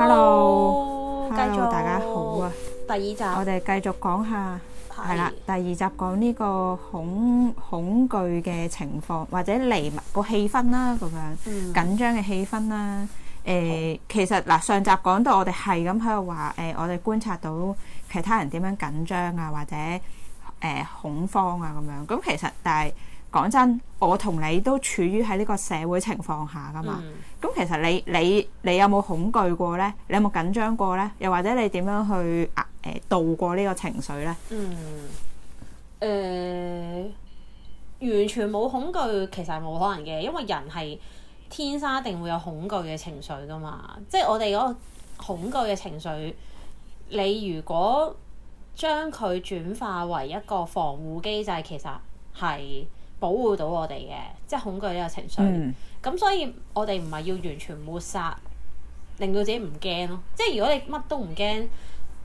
hello，hello，大家好啊！第二集，我哋繼續講下係啦是。第二集講呢個恐恐懼嘅情況，或者彌漫個氣氛啦，咁樣、嗯、緊張嘅氣氛啦。誒、呃，痛其實嗱、呃，上集講到我哋係咁喺度話，誒、呃，我哋觀察到其他人點樣緊張啊，或者誒、呃、恐慌啊，咁樣咁，其實但係。講真，我同你都處於喺呢個社會情況下噶嘛。咁、嗯、其實你你你有冇恐懼過呢？你有冇緊張過呢？又或者你點樣去啊，誒、呃，渡過呢個情緒呢？嗯，誒、呃，完全冇恐懼其實係冇可能嘅，因為人係天生一定會有恐懼嘅情緒噶嘛。即係我哋嗰個恐懼嘅情緒，你如果將佢轉化為一個防護機制，其實係保護到我哋嘅，即係恐懼呢個情緒。咁、嗯、所以我哋唔係要完全抹殺，令到自己唔驚咯。即係如果你乜都唔驚，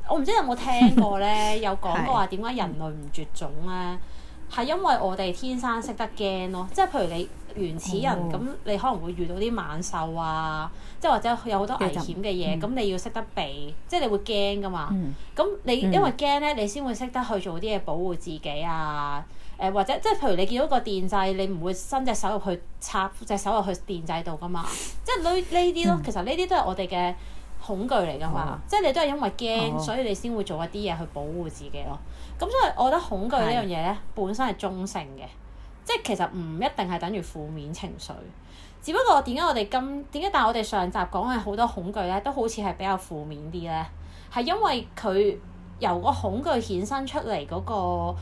我唔知有冇聽過咧，有講過話點解人類唔絕種咧？係因為我哋天生識得驚咯。即係譬如你原始人咁，嗯、你可能會遇到啲猛獸啊，即係或者有好多危險嘅嘢，咁、嗯、你要識得避。即係你會驚㗎嘛？咁、嗯嗯、你因為驚咧，你先會識得去做啲嘢保護自己啊。誒，或者即係譬如你見到個電掣，你唔會伸隻手入去，插隻手入去電掣度噶嘛？即係呢啲咯，嗯、其實呢啲都係我哋嘅恐懼嚟噶嘛。哦、即係你都係因為驚，哦、所以你先會做一啲嘢去保護自己咯。咁所以我覺得恐懼呢樣嘢咧，是本身係中性嘅，即係其實唔一定係等於負面情緒。只不過點解我哋今點解？但係我哋上集講嘅好多恐懼咧，都好似係比較負面啲咧，係因為佢由個恐懼衍生出嚟嗰、那個，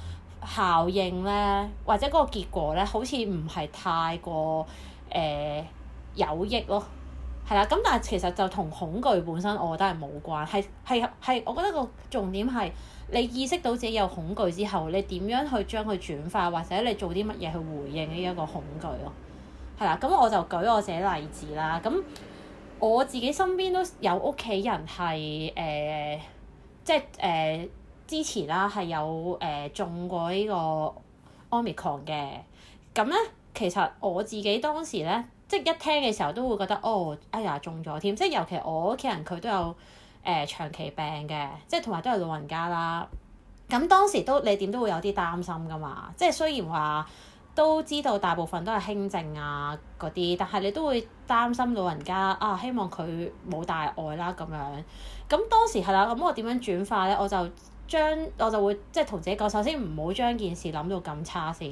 效應咧，或者嗰個結果咧，好似唔係太過誒、呃、有益咯，係啦。咁但係其實就同恐懼本身我，我覺得係冇關，係係係。我覺得個重點係你意識到自己有恐懼之後，你點樣去將佢轉化，或者你做啲乜嘢去回應呢一個恐懼咯？係啦。咁、嗯、我就舉我自己例子啦。咁、嗯、我自己身邊都有屋企人係誒、呃，即係誒。呃之前啦係有誒、呃、中過個呢個奧 o n 嘅，咁咧其實我自己當時咧，即係一聽嘅時候都會覺得哦哎呀中咗添，即係尤其我屋企人佢都有誒、呃、長期病嘅，即係同埋都係老人家啦。咁當時都你點都會有啲擔心噶嘛，即係雖然話都知道大部分都係輕症啊嗰啲，但係你都會擔心老人家啊，希望佢冇大礙啦咁樣。咁當時係啦，咁、啊、我點樣轉化咧？我就將我就會即係同自己講，首先唔好將件事諗到咁差先。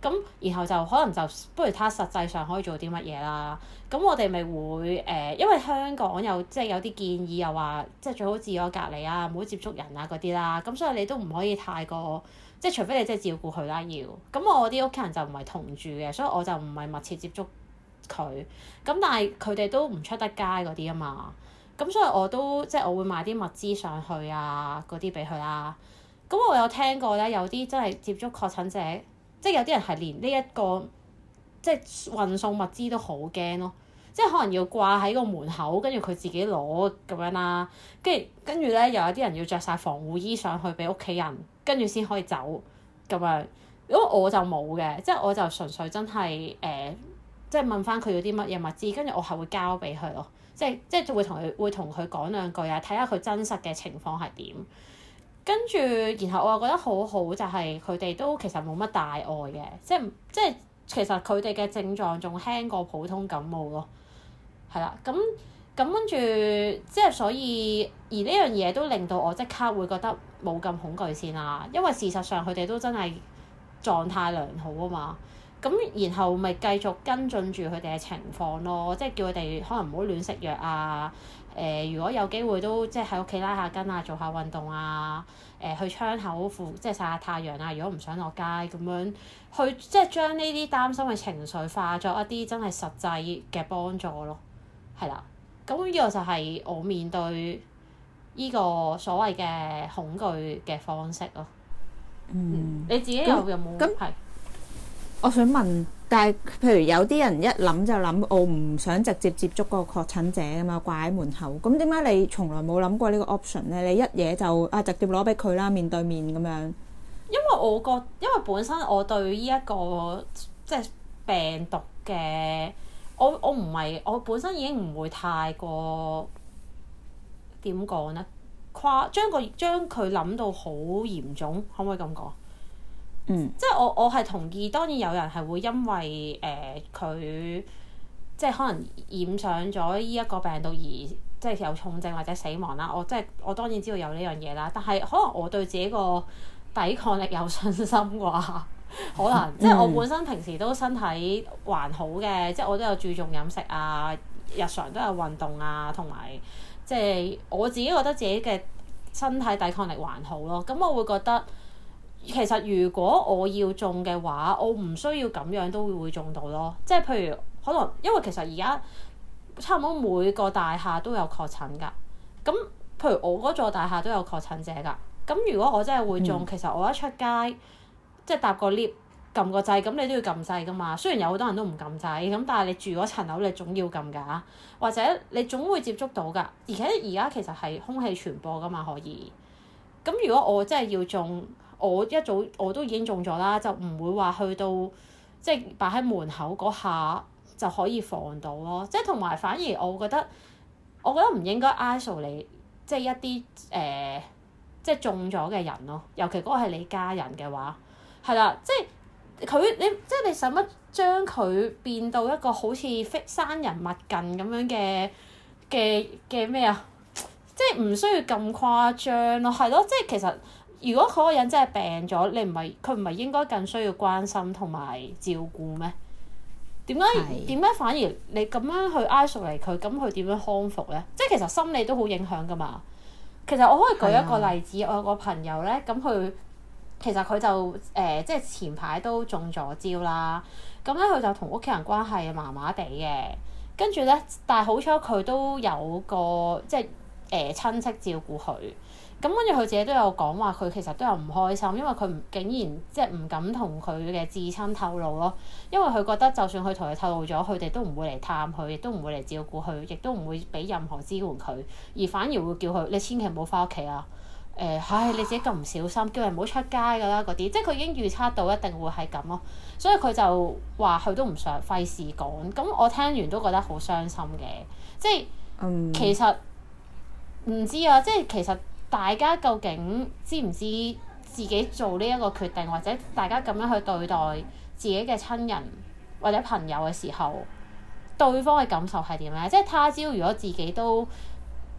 咁然後就可能就不如睇下實際上可以做啲乜嘢啦。咁我哋咪會誒、呃，因為香港有即係有啲建議又話，即係最好自我隔離啊，唔好接觸人啊嗰啲啦。咁所以你都唔可以太過，即係除非你即係照顧佢啦要。咁我啲屋企人就唔係同住嘅，所以我就唔係密切接觸佢。咁但係佢哋都唔出得街嗰啲啊嘛。咁所以我都即係我會買啲物資上去啊，嗰啲俾佢啦。咁我有聽過咧，有啲真係接觸確診者，即係有啲人係連呢、這、一個即係運送物資都好驚咯。即係可能要掛喺個門口，跟住佢自己攞咁樣啦、啊。跟住跟住咧，又有啲人要着晒防護衣上去俾屋企人，跟住先可以走咁樣。咁我就冇嘅，即係我就純粹真係誒。欸即係問翻佢要啲乜嘢物資，跟住我係會交俾佢咯。即係即係就會同佢會同佢講兩句啊，睇下佢真實嘅情況係點。跟住，然後我又覺得好好，就係佢哋都其實冇乜大礙嘅，即係即係其實佢哋嘅症狀仲輕過普通感冒咯。係啦，咁咁跟住，即係所以而呢樣嘢都令到我即刻會覺得冇咁恐懼先啦，因為事實上佢哋都真係狀態良好啊嘛。咁然後咪繼續跟進住佢哋嘅情況咯，即係叫佢哋可能唔好亂食藥啊。誒、呃，如果有機會都即係喺屋企拉下筋啊，做下運動啊。誒、呃，去窗口附即係曬下太陽啊。如果唔想落街咁樣，去即係將呢啲擔心嘅情緒化作一啲真係實際嘅幫助咯。係啦，咁呢個就係我面對呢個所謂嘅恐懼嘅方式咯。嗯，你自己有、嗯、自己有冇？咁、嗯嗯我想問，但係譬如有啲人一諗就諗，我唔想直接接觸個確診者啊嘛，掛喺門口。咁點解你從來冇諗過個呢個 option 咧？你一嘢就啊，直接攞俾佢啦，面對面咁樣。因為我覺，因為本身我對呢一個即係病毒嘅，我我唔係我本身已經唔會太過點講咧，誇將個將佢諗到好嚴重，可唔可以咁講？嗯、即係我我係同意，當然有人係會因為誒佢、呃、即係可能染上咗呢一個病毒而即係有重症或者死亡啦。我即係我當然知道有呢樣嘢啦，但係可能我對自己個抵抗力有信心啩，可能即係我本身平時都身體還好嘅，嗯、即係我都有注重飲食啊，日常都有運動啊，同埋即係我自己覺得自己嘅身體抵抗力還好咯。咁我會覺得。其實，如果我要中嘅話，我唔需要咁樣都會會中到咯。即係譬如可能，因為其實而家差唔多每個大廈都有確診㗎。咁譬如我嗰座大廈都有確診者㗎。咁如果我真係會中，嗯、其實我一出街即係搭個 lift，撳個掣，咁你都要撳掣㗎嘛。雖然有好多人都唔撳掣，咁但係你住嗰層樓，你總要撳㗎。或者你總會接觸到㗎。而且而家其實係空氣傳播㗎嘛，可以。咁如果我真係要中，我一早我都已經中咗啦，就唔會話去到即係擺喺門口嗰下就可以防到咯。即係同埋反而我覺得，我覺得唔應該 isolate 你，即係一啲誒、呃，即係中咗嘅人咯。尤其嗰個係你家人嘅話，係啦，即係佢你即係你使乜將佢變到一個好似生人勿近咁樣嘅嘅嘅咩啊？即係唔需要咁誇張咯，係咯，即係其實。如果嗰個人真係病咗，你唔係佢唔係應該更需要關心同埋照顧咩？點解點解反而你咁樣去哀熟嚟佢，咁佢點樣康復咧？即係其實心理都好影響噶嘛。其實我可以舉一個例子，的我有個朋友咧，咁佢其實佢就誒、呃、即係前排都中咗招啦。咁咧佢就同屋企人關係麻麻地嘅，跟住咧，但係好彩佢都有個即係誒、呃、親戚照顧佢。咁跟住佢自己都有講話，佢其實都有唔開心，因為佢唔竟然即係唔敢同佢嘅至親透露咯，因為佢覺得就算佢同佢透露咗，佢哋都唔會嚟探佢，亦都唔會嚟照顧佢，亦都唔會俾任何支援佢，而反而會叫佢你千祈唔好返屋企啊！誒、呃，唉，你自己咁唔小心，叫人唔好出街㗎啦嗰啲，即係佢已經預測到一定會係咁咯，所以佢就話佢都唔想費事講。咁我聽完都覺得好傷心嘅，即係其實唔、嗯、知啊，即係其實。大家究竟知唔知自己做呢一個決定，或者大家咁樣去對待自己嘅親人或者朋友嘅時候，對方嘅感受係點咧？即係他朝如果自己都誒、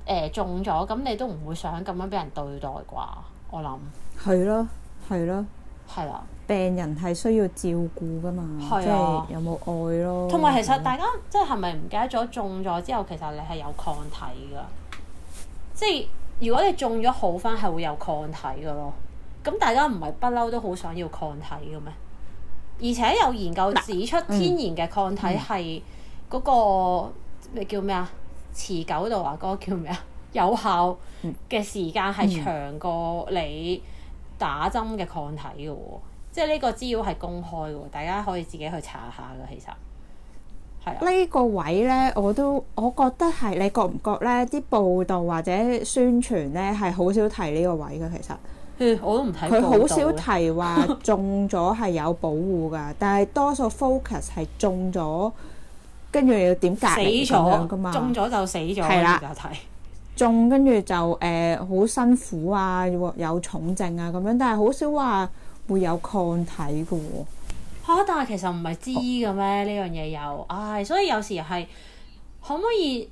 呃、中咗，咁你都唔會想咁樣俾人對待啩？我諗，係咯，係咯，係啦的。病人係需要照顧噶嘛，的即係有冇愛咯。同埋其實大家即係，係咪唔記得咗中咗之後，其實你係有抗體噶，即係。如果你中咗好返，係會有抗體嘅咯。咁大家唔係不嬲都好想要抗體嘅咩？而且有研究指出，天然嘅抗體係嗰個咩、嗯、叫咩啊？持久度啊，嗰個叫咩啊？有效嘅時間係長過你打針嘅抗體嘅喎，即係呢個資料係公開嘅，大家可以自己去查下嘅，其實。呢個位咧，我都我覺得係你覺唔覺咧？啲報道或者宣傳咧，係好少提呢個位嘅，其實。我都唔睇。佢好少提話中咗係有保護噶， 但係多數 focus 係中咗，跟住要點隔離，死咗了咁樣噶嘛？中咗就死咗。係啦了。中跟住就誒好、呃、辛苦啊，有重症啊咁樣，但係好少話會有抗體嘅喎。嚇、啊！但係其實唔係知嘅咩？呢樣嘢又唉，所以有時係可唔可以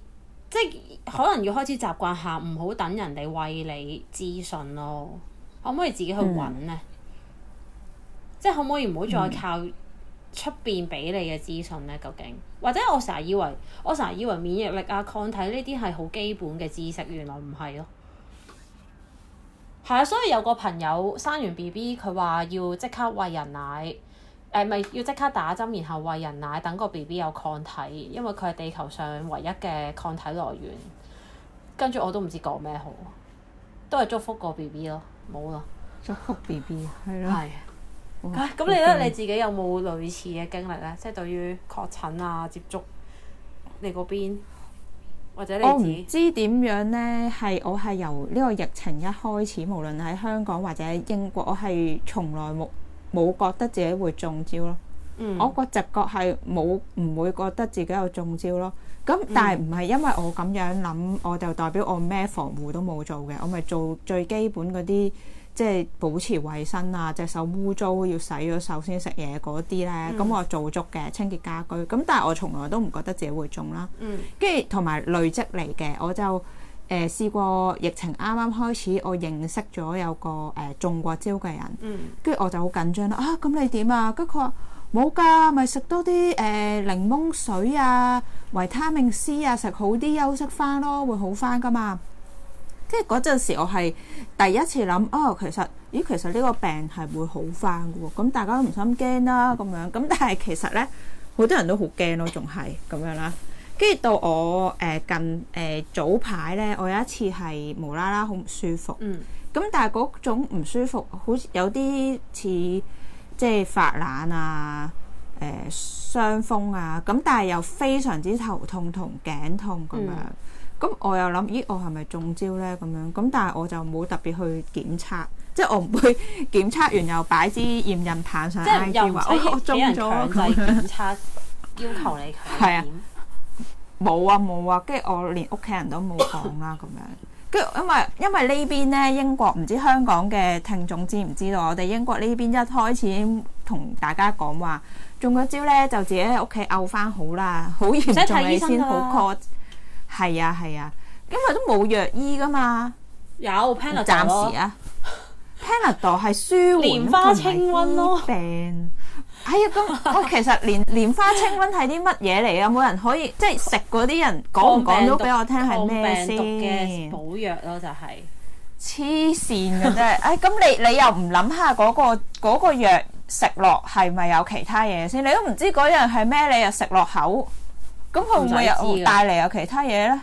即係可能要開始習慣下，唔好等人哋餵你資訊咯。可唔可以自己去揾呢？Mm. 即係可唔可以唔好再靠出邊俾你嘅資訊呢？究竟或者我成日以為我成日以為免疫力啊、抗體呢啲係好基本嘅知識，原來唔係咯。係啊，所以有個朋友生完 BB，佢話要即刻餵人奶。.誒咪、呃、要即刻打針，然後餵人奶，等個 B B 有抗體，因為佢係地球上唯一嘅抗體來源。跟住我都唔知講咩好，都係祝福個 B B 咯，冇咯，祝福 B B，係咯。係是。唉哇，咁、啊、你咧哇你自己有冇類似嘅經歷咧？即、就、係、是、對於確診啊、接觸，你嗰邊或者你？我唔知點樣咧，係我係由呢個疫情一開始，無論喺香港或者英國，我係從來冇。冇覺得自己會中招咯，嗯、我個直覺係冇唔會覺得自己有中招咯。咁但係唔係因為我咁樣諗，我就代表我咩防護都冇做嘅。我咪做最基本嗰啲，即係保持衞生啊，隻手污糟要洗咗手先食嘢嗰啲咧。咁、嗯、我做足嘅清潔家居。咁但係我從來都唔覺得自己會中啦。跟住同埋累積嚟嘅，我就。誒試過疫情啱啱開始，我認識咗有個誒、呃、中過招嘅人，跟住我就好緊張啦。啊，咁你點啊？跟住佢話冇㗎，咪食多啲誒、呃、檸檬水啊，維他命 C 啊，食好啲休息翻咯，會好翻㗎嘛。即係嗰陣時，我係第一次諗，啊、哦，其實，咦，其實呢個病係會好翻嘅喎。咁大家都唔心驚啦，咁樣。咁但係其實咧，好多人都好驚咯，仲係咁樣啦。跟住到我誒、呃、近誒、呃、早排咧，我有一次係無啦啦好唔舒服，咁、嗯、但係嗰種唔舒服好似有啲似即係發冷啊、誒、呃、傷風啊，咁但係又非常之頭痛同頸痛咁、嗯、樣。咁我又諗咦，我係咪中招咧？咁樣，咁但係我就冇特別去檢測，即係我唔會檢測完又擺支驗孕棒上 I G 話我被我中咗。即係俾人強制檢測，樣要求你檢。嗯冇啊冇啊，跟住我連屋企人都冇講啦咁樣，跟住因為因為呢邊咧英國，唔知香港嘅聽眾知唔知道，我哋英國呢邊一開始同大家講話中咗招咧，就自己喺屋企漚翻好啦，好嚴重你先好 call，係啊係啊，因為都冇藥醫噶嘛，有 panadol 咯，panadol 係舒緩，蓮花清瘟咯、啊、病。哎呀，咁我、哎、其實蓮蓮花清瘟係啲乜嘢嚟啊？有冇人可以即係食嗰啲人講唔講到俾我聽係咩先？補藥咯、就是，就係黐線嘅真係。 哎，咁你你又唔諗下嗰、嗰個嗰、嗰個、藥食落係咪有其他嘢先？你都唔知嗰樣係咩，你又食落口，咁佢會唔會又帶嚟有其他嘢咧？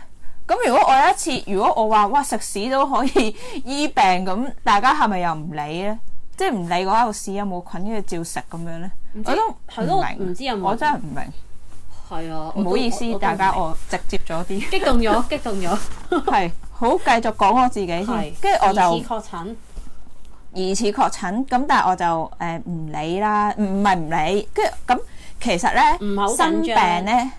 咁如果我有一次，如果我話哇食屎都可以醫病，咁大家係咪又唔理咧？即係唔理嘅話，我試有冇菌，跟住照食咁樣咧。我都係都唔知有冇，我真係唔明。係啊，唔好意思，大家我直接咗啲。激動咗，激動咗。係，好，繼續講我自己先。跟住我就疑似確診，疑似確診。咁但係我就誒唔理啦，唔係唔理。跟住咁其實咧，生病咧。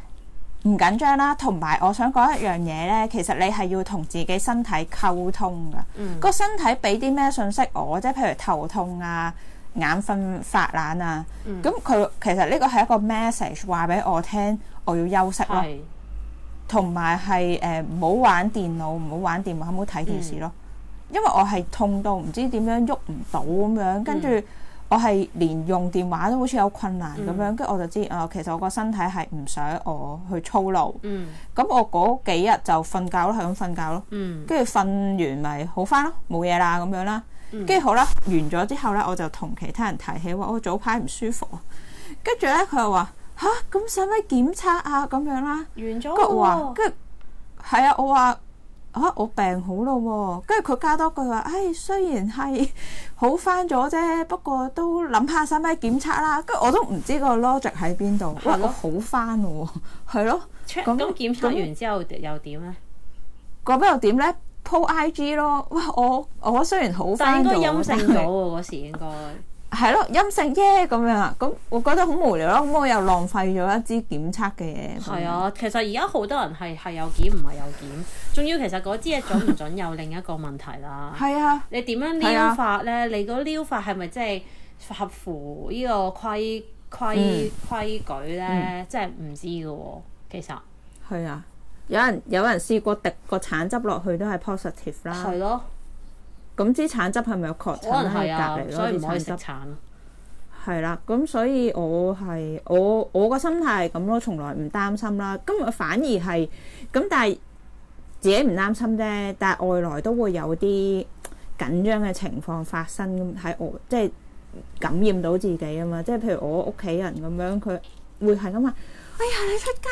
唔緊張啦，同埋我想講一樣嘢咧，其實你係要同自己身體溝通噶。個、嗯、身體俾啲咩信息我？即係譬如頭痛啊、眼瞓、發懶啊，咁佢、嗯、其實呢個係一個 message 話俾我聽，我要休息咯。同埋係誒，唔好、呃、玩電腦，唔好玩電話，唔好睇電視咯。嗯、因為我係痛到唔知點樣喐唔到咁樣，跟住。我係連用電話都好似有困難咁樣，跟住、嗯、我就知啊，其實我個身體係唔想我去操勞。嗯，咁我嗰幾日就瞓覺咯，係咁瞓覺咯。嗯，跟住瞓完咪好翻咯，冇嘢啦咁樣啦。跟住好啦，完咗之後咧，我就同其他人提起話我早排唔舒服。跟住咧，佢又話吓？咁使唔使檢測啊？咁、啊啊、樣啦，完咗。跟住係啊，我話。嚇、啊！我病好咯、哦，跟住佢加多句話，唉、哎，雖然係好翻咗啫，不過都諗下使唔使檢測啦？跟住我都唔知個 logic 喺邊度，話的我好翻喎、哦，係咯。咁、嗯、那檢測完那之後又點咧？嗰邊又點咧 po IG 咯，哇！我我雖然好翻咗，但應該陰性咗喎嗰時應該,應該。 係咯，陰性啫，咁樣啊！咁我覺得好無聊咯，咁我又浪費咗一支檢測嘅嘢。係啊，其實而家好多人係係有檢唔係有檢，仲要其實嗰支嘢準唔準有另一個問題啦。係 啊。你點樣撩法咧？啊、你個撩法係咪即係合乎呢個規規規矩咧？即係唔知嘅喎、哦，其實。係啊，有人有人試過滴個橙汁落去都係 positive 啦。係咯。咁橙汁係咪有確診喺、啊、隔離咯汁？所以唔可以食橙汁係啦，咁、嗯、所以我係我我個心態係咁咯，從來唔擔心啦。咁、嗯、反而係咁，但係自己唔擔心啫。但係外來都會有啲緊張嘅情況發生，喺我即係、就是、感染到自己啊嘛。即係譬如我屋企人咁樣，佢會係咁話：哎呀，你出街，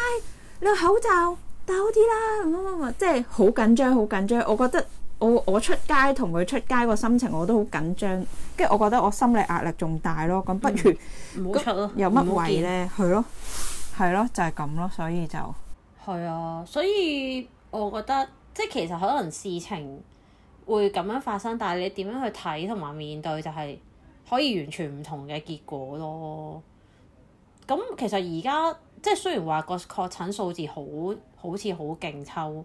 你個口罩戴好啲啦！咁樣即係好緊張，好緊張。我覺得。我我出街同佢出街個心情我都好緊張，跟住我覺得我心理壓力仲大咯。咁不如，唔好出咯，有乜位咧？係咯，係咯，就係咁咯。所以就係啊，所以我覺得即係其實可能事情會咁樣發生，但係你點樣去睇同埋面對，就係可以完全唔同嘅結果咯。咁其實而家即係雖然話個確診數字好好似好勁抽。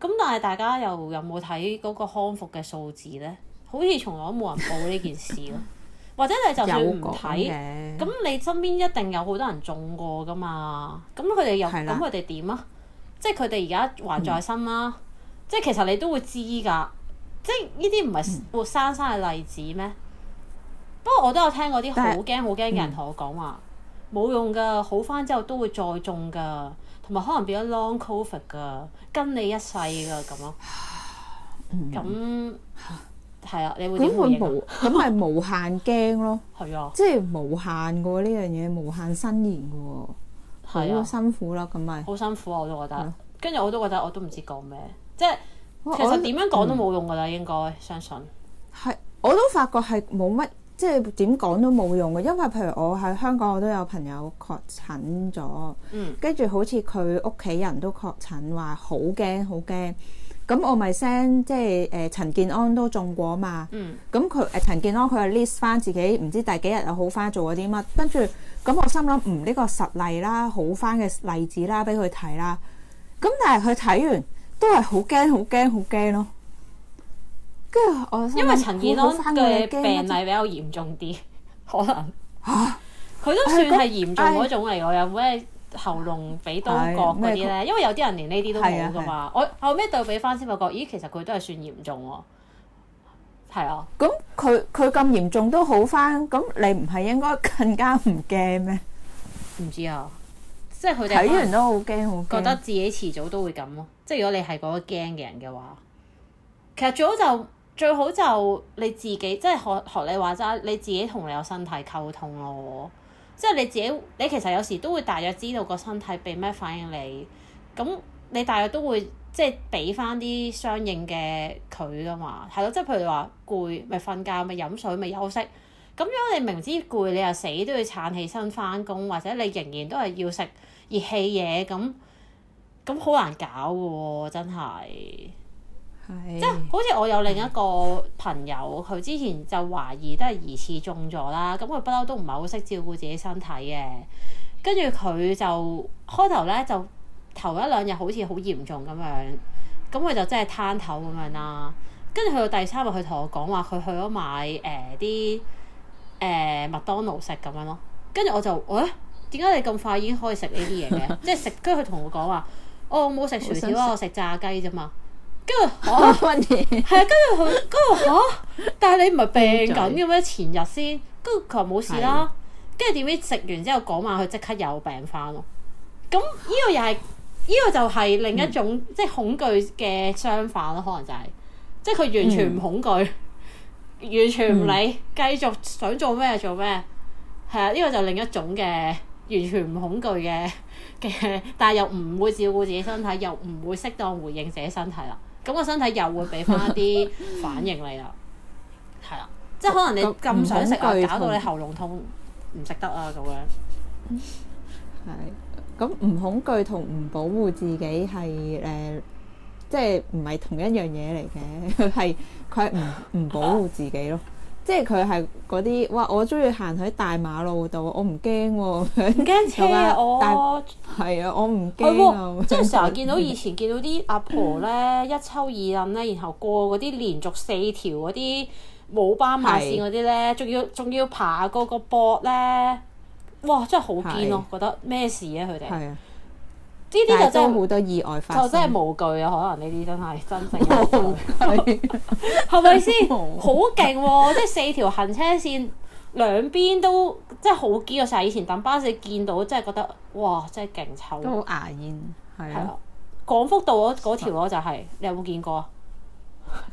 咁但係大家又有冇睇嗰個康復嘅數字咧？好似從來都冇人報呢件事咯， 或者你就算唔睇，咁你身邊一定有好多人中過噶嘛？咁佢哋又，咁佢哋點啊？即係佢哋而家還在生啦，啊。嗯、即係其實你都會知噶，即係呢啲唔係活生生嘅例子咩？嗯、不過我都有聽過啲好驚好驚嘅人同，嗯、我講話，冇用噶，好翻之後都會再中噶。同埋可能變咗 Long COVID 㗎，跟你一世㗎咁咯。咁係、嗯、啊，你會點應？咁無咁係無限驚咯。係 啊，即係無限嘅喎呢樣嘢，無限伸延嘅喎，好、啊、辛苦啦。咁咪好辛苦啊！我都覺得。跟住、嗯、我都覺得我都唔知講咩，即係其實點樣講都冇用㗎啦。嗯、應該相信係我都發覺係冇乜。即係點講都冇用嘅，因為譬如我喺香港，我都有朋友確診咗，跟住、嗯、好似佢屋企人都確診，話好驚好驚。咁我咪 send 即係誒、呃、陳健安都中過嘛，咁佢誒陳健安佢係 list 返自己唔知第幾日又好返，做咗啲乜，跟住咁我心諗唔呢個實例啦，好返嘅例子啦，俾佢睇啦。咁但係佢睇完都係好驚好驚好驚咯。因為陳建安嘅病例比較嚴重啲，可能佢都、 啊、算係嚴重嗰種嚟。我、啊、有咩喉嚨、畀、刀、割嗰啲咧？因為有啲人連呢啲都冇噶嘛。我後尾對比翻先發覺，咦， 其實佢都係算嚴重喎。係啊，啊他他，咁佢佢咁嚴重都好翻，咁你唔係應該更加唔驚咩？唔知啊，即係佢哋睇完都好驚，好覺得自己遲早都會咁咯。即係如果你係嗰個驚嘅人嘅話，其實最好就。最好就你自己，即係學學你話齋，你自己同你個身體溝通咯。即係你自己，你其實有時都會大約知道個身體俾咩反應你。咁你大約都會即係俾翻啲相應嘅佢噶嘛，係咯。即係譬如話攰，咪瞓覺，咪飲水，咪休息。咁樣你明知攰，你又死都要撐起身翻工，或者你仍然都係要食熱氣嘢咁，咁好難搞噶喎、哦，真係。即係好似我有另一個朋友，佢之前就懷疑都係疑似中咗啦。咁佢不嬲都唔係好識照顧自己身體嘅。跟住佢就開頭咧，就頭一兩日好似好嚴重咁樣。咁佢就真係攤頭咁樣啦。跟住去到第三日，佢同我講話，佢去咗買誒啲誒麥當勞食咁樣咯。跟住我就誒，點解你咁快已經可以食呢啲嘢嘅？ 即係食。跟住佢同我講話，哦，我冇食薯條啊，我食炸雞啫嘛。跟住我，係 啊，跟住佢，跟住我， 但係你唔係病緊嘅咩？前日先，跟住佢話冇事啦，跟住點知食完之後嗰晚佢即刻又病翻咯。咁呢、這個又係呢、這個就係另一種、嗯、即係恐懼嘅相反咯，可能就係、是、即係佢完全唔恐懼，嗯、 完全唔理，繼續想做咩做咩，係啊，呢、這個就另一種嘅完全唔恐懼嘅嘅，但係又唔會照顧自己身體，又唔會適當回應自己身體啦。咁個身體又會俾翻一啲反應你啦，係啊， 即係可能你咁想食啊，搞到你喉嚨痛，唔食 得啊咁樣。係、那個，咁唔恐懼同唔保護自己係誒，即係唔係同一樣嘢嚟嘅，佢係佢係唔唔保護自己咯。 即係佢係嗰啲，哇！我中意行喺大馬路度，我唔驚喎。唔驚車啊！ 大我係啊，我唔驚啊。即係成日見到以前見到啲阿婆咧， 一抽二冧咧，然後過嗰啲連續四條嗰啲冇斑馬線嗰啲咧，仲是要仲要爬過個膊咧。哇！真係好堅咯、啊，是覺得咩事啊？佢哋。呢啲就真係好多意外發生，就真係無懼啊！可能呢啲真係真正無懼，係咪先？好勁喎！即係四條行車線兩邊都真係好驚晒。以前等巴士見到，真係覺得哇，真係勁臭，都好牙煙係啊！廣福道嗰嗰條我就係，你有冇見過啊？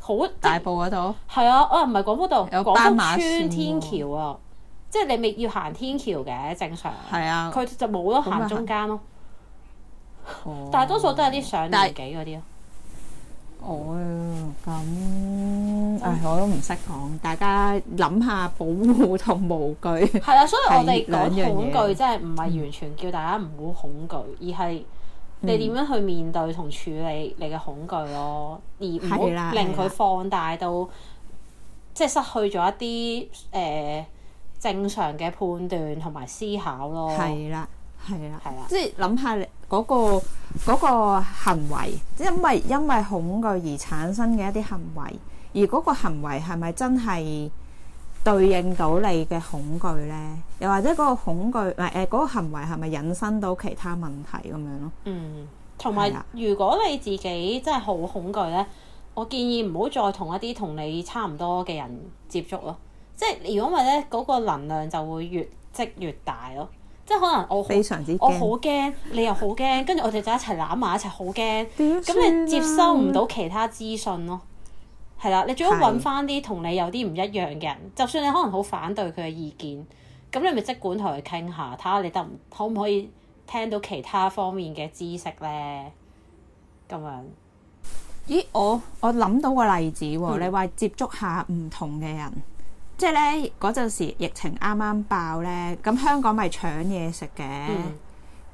好大埔嗰度係啊？哦，唔係廣福道有廣福邨天橋啊！即係你咪要行天橋嘅正常係啊？佢就冇得行中間咯。大、哦、多數都係啲上年紀嗰啲咯。哦、咁、啊，唉，我都唔識講，大家諗下保護同恐懼。係啦、 啊，所以我哋講恐懼，即係唔係完全叫大家唔好恐懼，嗯、而係你點樣去面對同處理你嘅恐懼咯，嗯、而唔會令佢放大到即係失去咗一啲誒、呃、正常嘅判斷同埋思考咯。係啦。係啦，係啦、啊，即係諗下你嗰、嗰個、嗰個行為，即因為因為恐懼而產生嘅一啲行為，而嗰個行為係咪真係對應到你嘅恐懼咧？又或者嗰個恐懼唔誒嗰個行為係咪引申到其他問題咁樣咯？嗯，同埋、啊、如果你自己真係好恐懼咧，我建議唔好再同一啲同你差唔多嘅人接觸咯。即係如果唔係咧，嗰、嗰個能量就會越積越大咯。即係可能我好，我好驚，你又好驚，跟住我哋就一齊攬埋一齊好驚，咁麼你接收唔到其他資訊咯。係啦，你最好搵翻啲同你有啲唔一樣嘅人，的就算你可能好反對佢嘅意見，咁你咪即管同佢傾下，睇下你得唔，可唔可以聽到其他方面嘅知識咧。咁樣？咦，我我諗到個例子喎，嗯、你話接觸下唔同嘅人。即係咧，嗰陣時疫情啱啱爆咧，咁香港咪搶嘢食嘅？嗯、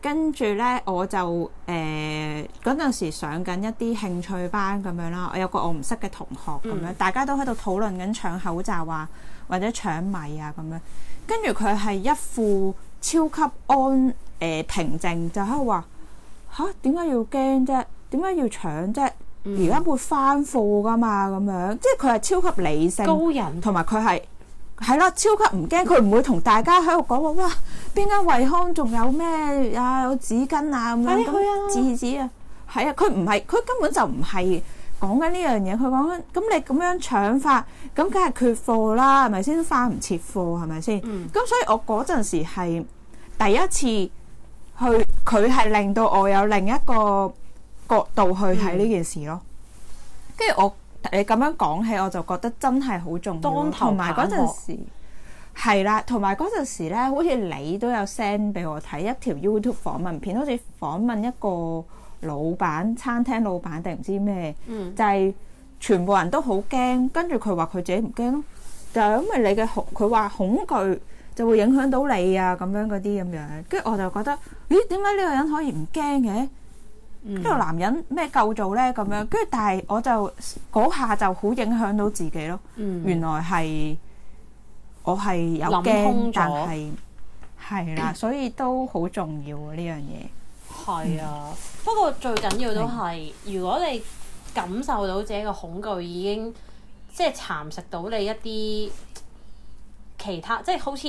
跟住咧我就誒嗰陣時上緊一啲興趣班咁樣啦。我有個我唔識嘅同學咁樣，嗯、大家都喺度討論緊搶口罩啊，或者搶米啊咁樣。跟住佢係一副超級安誒、呃、平靜，就喺度話：吓？點解要驚啫？點解要搶啫？而家會翻貨噶嘛？咁樣，即係佢係超級理性，高人，同埋佢係係咯，超級唔驚。佢唔會同大家喺度講話，哇，邊間惠康仲有咩啊？有紙巾啊，咁樣，你去啊，紙紙啊，係啊，佢唔係，佢根本就唔係講緊呢樣嘢。佢講緊，咁你咁樣搶法，咁梗係缺貨啦，係咪先？翻唔切貨，係咪先？咁、嗯、所以，我嗰陣時係第一次去，佢係令到我有另一個。角度去睇呢件事咯，跟住、嗯、我你咁樣講起，我就覺得真係好重要。同埋嗰陣時係啦，同埋嗰陣時咧，好似你都有 send 俾我睇一條 YouTube 訪問片，好似訪問一個老闆餐廳老闆定唔知咩，嗯、就係全部人都好驚，跟住佢話佢自己唔驚咯，就係、是、因為你嘅恐，佢話恐懼就會影響到你啊，咁樣嗰啲咁樣，跟住我就覺得咦，點解呢個人可以唔驚嘅？跟住、嗯、男人咩構造咧咁樣，跟住但係我就嗰下就好影響到自己咯。嗯、原來係我係有驚，但係係啦，所以都好重要呢樣嘢。係、嗯、啊，不過最緊要都係，啊、如果你感受到自己嘅恐懼已經即係蠶食到你一啲其他，即係好似。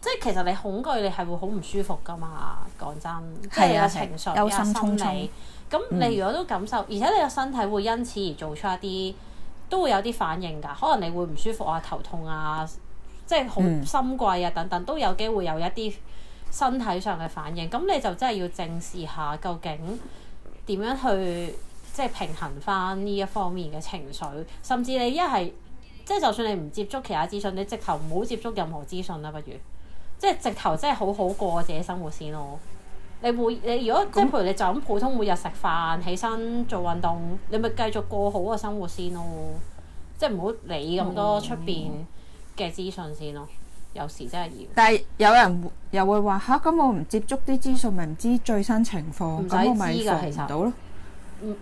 即係其實你恐懼，你係會好唔舒服噶嘛？講真，即係你嘅情緒、有心理。咁你如果都感受，嗯、而且你嘅身體會因此而做出一啲都會有啲反應㗎。可能你會唔舒服啊、頭痛啊，即係好心悸啊等等，都有機會有一啲身體上嘅反應。咁、嗯、你就真係要正視下究竟點樣去即係平衡翻呢一方面嘅情緒。甚至你一係即係就算你唔接觸其他資訊，你直頭唔好接觸任何資訊啦，不如。即係直頭，真係好好過自己生活先咯。你會，你如果、嗯、即係譬如你就咁普通每日食飯、起身做運動，你咪繼續過好個生活先咯。即係唔好理咁多出邊嘅資訊先咯。嗯、有時真係要。但係有人又會話吓，咁、啊、我唔接觸啲資訊，咪唔知最新情況。唔使我知㗎，其實。到、嗯、咯。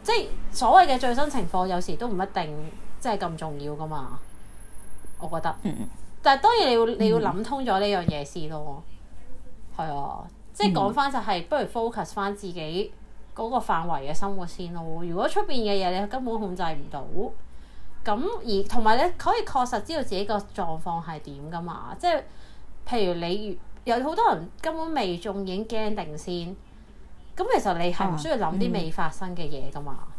即係所謂嘅最新情況，有時都唔一定即係咁重要噶嘛。我覺得。嗯嗯。但係當然你要你要諗通咗呢樣嘢先咯，係、嗯、啊，即係講翻就係不如 focus 翻自己嗰個範圍嘅生活先咯。如果出邊嘅嘢你根本控制唔到，咁而同埋你可以確實知道自己個狀況係點噶嘛。即係譬如你有好多人根本未中已經驚定先，咁其實你係唔需要諗啲未發生嘅嘢噶嘛。啊，嗯，嗯。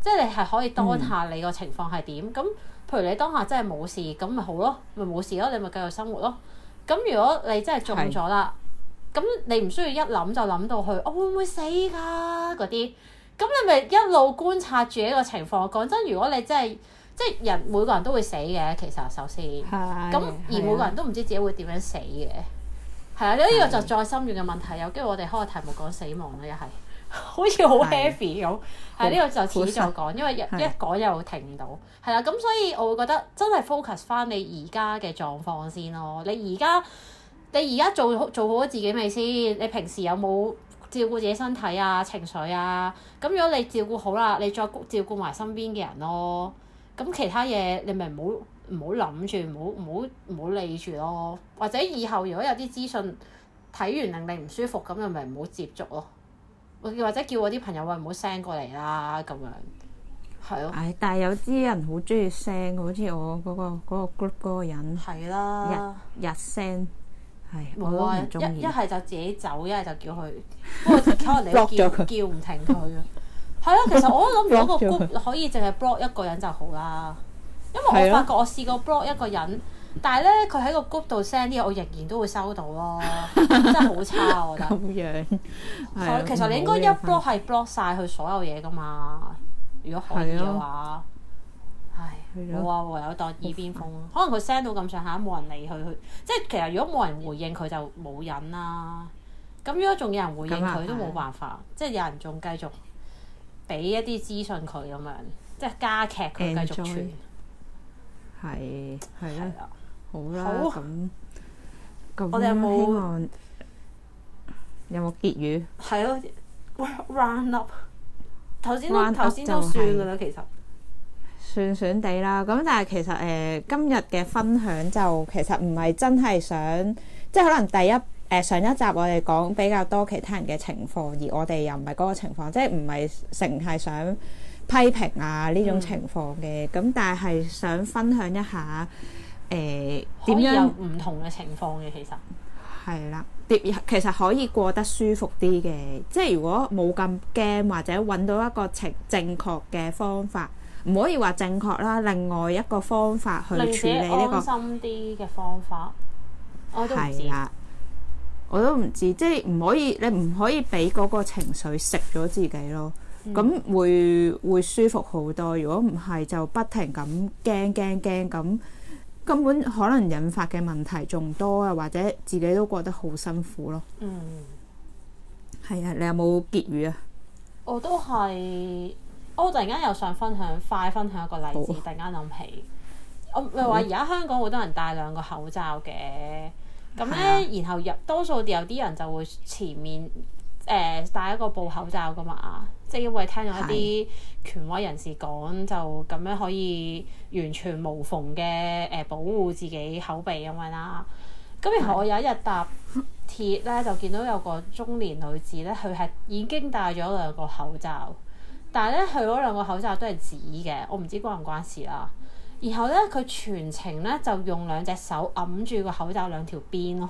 即係你係可以多睇下你個情況係點咁？嗯、譬如你當下真係冇事咁咪好咯，咪冇事咯，你咪繼續生活咯。咁如果你真係中咗啦，咁是你唔需要一諗就諗到去我，啊、會唔會死噶嗰啲。咁你咪一路觀察住呢個情況。講真，如果你真係即係人每個人都會死嘅，其實首先咁而每個人都唔知自己會點樣死嘅。係啊的，呢的、呢個就再深遠嘅問題。有機會我哋開個題目講死亡啦，又係。 好似很的樣好 happy 咁，係呢個就遲再講，好因為一的一講又停唔到，係啦。咁所以我會覺得真係 focus 翻你而家嘅狀況先咯。你而家你而家做做好自己未先？你平時有冇照顧自己身體啊、情緒啊？咁如果你照顧好啦，你再照顧埋身邊嘅人咯。咁其他嘢你咪唔好唔好諗住，唔好唔好唔好理住咯。或者以後如果有啲資訊睇完令你唔舒服，咁又咪唔好接觸咯。或者叫我啲朋友喂，唔好 send 過嚟啦咁樣，係咯、啊哎。但係有啲人好中意 send 好似我嗰、嗰個嗰個 group 嗰個人。係啦、啊，日 send 係冇話，一一係就自己走，一係就叫佢。 叫叫不過可能你叫唔停佢嘅。係 啊，其實我都諗唔到個 group 可以淨係 block 一個人就好啦，因為我發覺我試過 block 一個人。但係咧，佢喺個 group 度 send 啲嘢，我仍然都會收到咯， 真係好差啊，我覺得。咁樣，所以其實你應該一 block 係 block 晒佢所有嘢噶嘛。如果可以嘅話，係冇啊！唯有當耳邊風煩，可能佢 send 到咁上下，冇人理佢，佢即係其實如果冇人回應佢就冇人啦。咁如果仲有人回應佢都冇辦法，即係有人仲繼續俾一啲資訊佢咁樣，即係加劇佢繼續傳。係係啊。的的好啦，咁、啊，樣我哋有冇有冇結語？係咯、啊、round up。頭先都頭先都算噶、就是、實啦其、呃，其實算算地啦。咁但係其實誒，今日嘅分享就其實唔係真係想，即係可能第一誒、呃、上一集我哋講比較多其他人嘅情況，而我哋又唔係嗰個情況，即係唔係成係想批評啊呢種情況嘅。咁、嗯、但係想分享一下。誒、呃、點樣唔同嘅情況嘅，其實係啦，跌其實可以過得舒服啲嘅，即係如果冇咁驚，或者揾到一個情正正確嘅方法，唔可以話正確啦。另外一個方法去處理呢、這個安心啲嘅方法，我都唔知，我都唔知，即係唔可以，你唔可以俾嗰個情緒食咗自己咯。咁、嗯、會會舒服好多。如果唔係，就不停咁驚驚驚咁。根本可能引發嘅問題仲多啊，或者自己都覺得好辛苦咯。嗯，係啊，你有冇結語啊？我都係，我突然間又想分享快分享一個例子，好突然間諗起我咪話而家香港好多人戴兩個口罩嘅咁咧，然後入多數有啲人就會前面誒戴、呃、一個布口罩㗎嘛。即係因為聽咗一啲權威人士講，的就咁樣可以完全無縫嘅誒保護自己口鼻咁樣啦。咁的然後我有一日搭鐵咧，就見到有個中年女子咧，佢係已經戴咗兩個口罩，但係咧佢嗰兩個口罩都係紙嘅，我唔知關唔關事啦。然後咧佢全程咧就用兩隻手揞住個口罩兩條邊咯。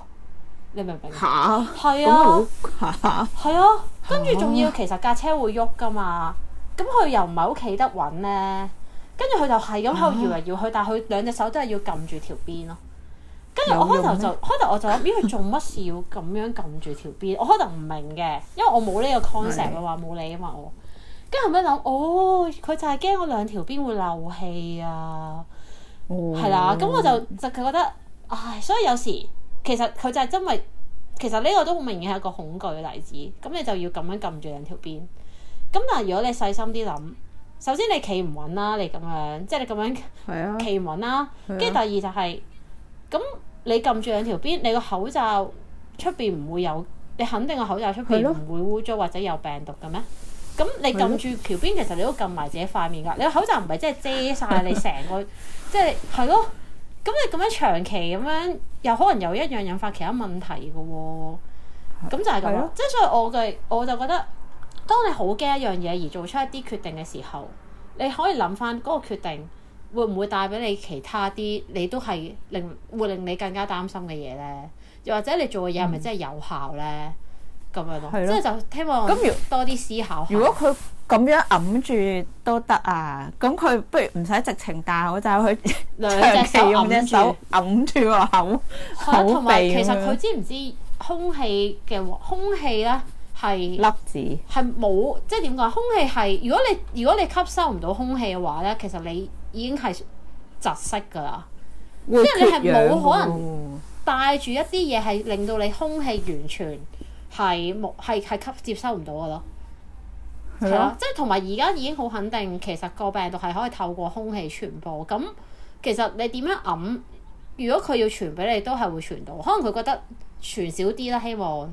你明唔明？嚇哈，係啊，嚇係啊，跟住仲要其實架車會喐噶嘛，咁佢又唔係好企得穩咧，跟住佢就係咁喺度搖嚟搖去，啊、但係佢兩隻手都係要撳住條邊咯。跟住我開頭就開頭我就諗，咦？佢做乜事要咁樣撳住條邊？我開頭唔明嘅，因為我冇呢個 concept 話冇理啊嘛我。跟住後尾諗，哦，佢就係驚我兩條邊會漏氣啊，係啦、哦。咁我就就佢覺得，唉、嗯，所以有時。其實佢就係真係，其實呢個都好明顯係一個恐懼嘅例子。咁你就要咁樣撳住兩條邊。咁但係如果你細心啲諗，首先你企唔穩啦、啊，你咁樣，即係你咁樣企唔穩啦、啊。跟住的第二就係、是，咁的你撳住兩條邊，你個口罩出邊唔會有？你肯定個口罩出邊唔會污糟或者有病毒嘅咩？咁的你撳住橋邊，的其實你都撳埋自己塊面㗎。的你個口罩唔係即係遮晒，的你成個，即係係咯。咁你咁樣長期咁樣，又可能有一樣引發其他問題嘅喎、哦，咁是就係咁咯。的即係所以我嘅我就覺得，當你好驚一樣嘢而做出一啲決定嘅時候，你可以諗翻嗰個決定會唔會帶俾你其他啲你都係令會令你更加擔心嘅嘢咧？又或者你做嘅嘢係咪真係有效咧？咁、嗯、樣咯，的即係就希望多啲思考、嗯。如果佢咁樣揞住都得啊！咁佢不如唔使直情戴口罩，佢 長期用隻手揞住個口。同埋者其實佢知唔知空氣嘅空氣咧係粒子係冇，即係點講？空氣係子如果你如果你吸收唔到空氣嘅話咧，其實你已經係窒息㗎啦。即係會 你係冇可能帶住一啲嘢係令到你空氣完全係冇係係吸接收唔到嘅咯。係咯，即係同埋而家已經好肯定，其實個病毒係可以透過空氣傳播。咁其實你點樣揞，如果佢要傳俾你，都係會傳到。可能佢覺得傳少啲啦，希望。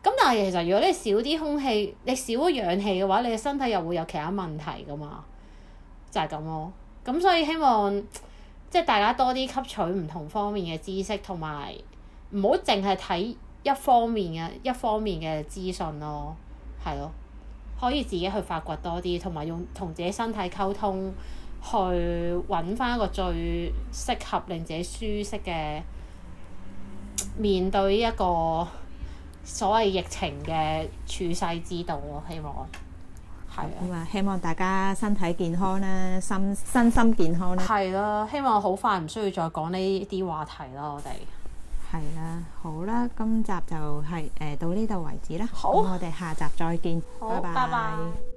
咁但係其實如果你少啲空氣，你少咗氧氣嘅話，你嘅身體又會有其他問題㗎嘛，就係咁咯。咁所以希望即係大家多啲吸取唔同方面嘅知識，同埋唔好淨係睇一方面嘅一方面嘅資訊咯。係咯，啊。可以自己去發掘多啲，同埋用同自己身體溝通，去揾翻一個最適合令自己舒適嘅面對一個所謂疫情嘅處世之道咯。希望係咁啊！希望大家身體健康啦，心身心健康啦。係咯，希望好快唔需要再講呢啲話題咯，我哋。係啦，好啦，今集就係、是、誒、呃、到呢度為止啦。好，我哋下集再見。好，拜拜。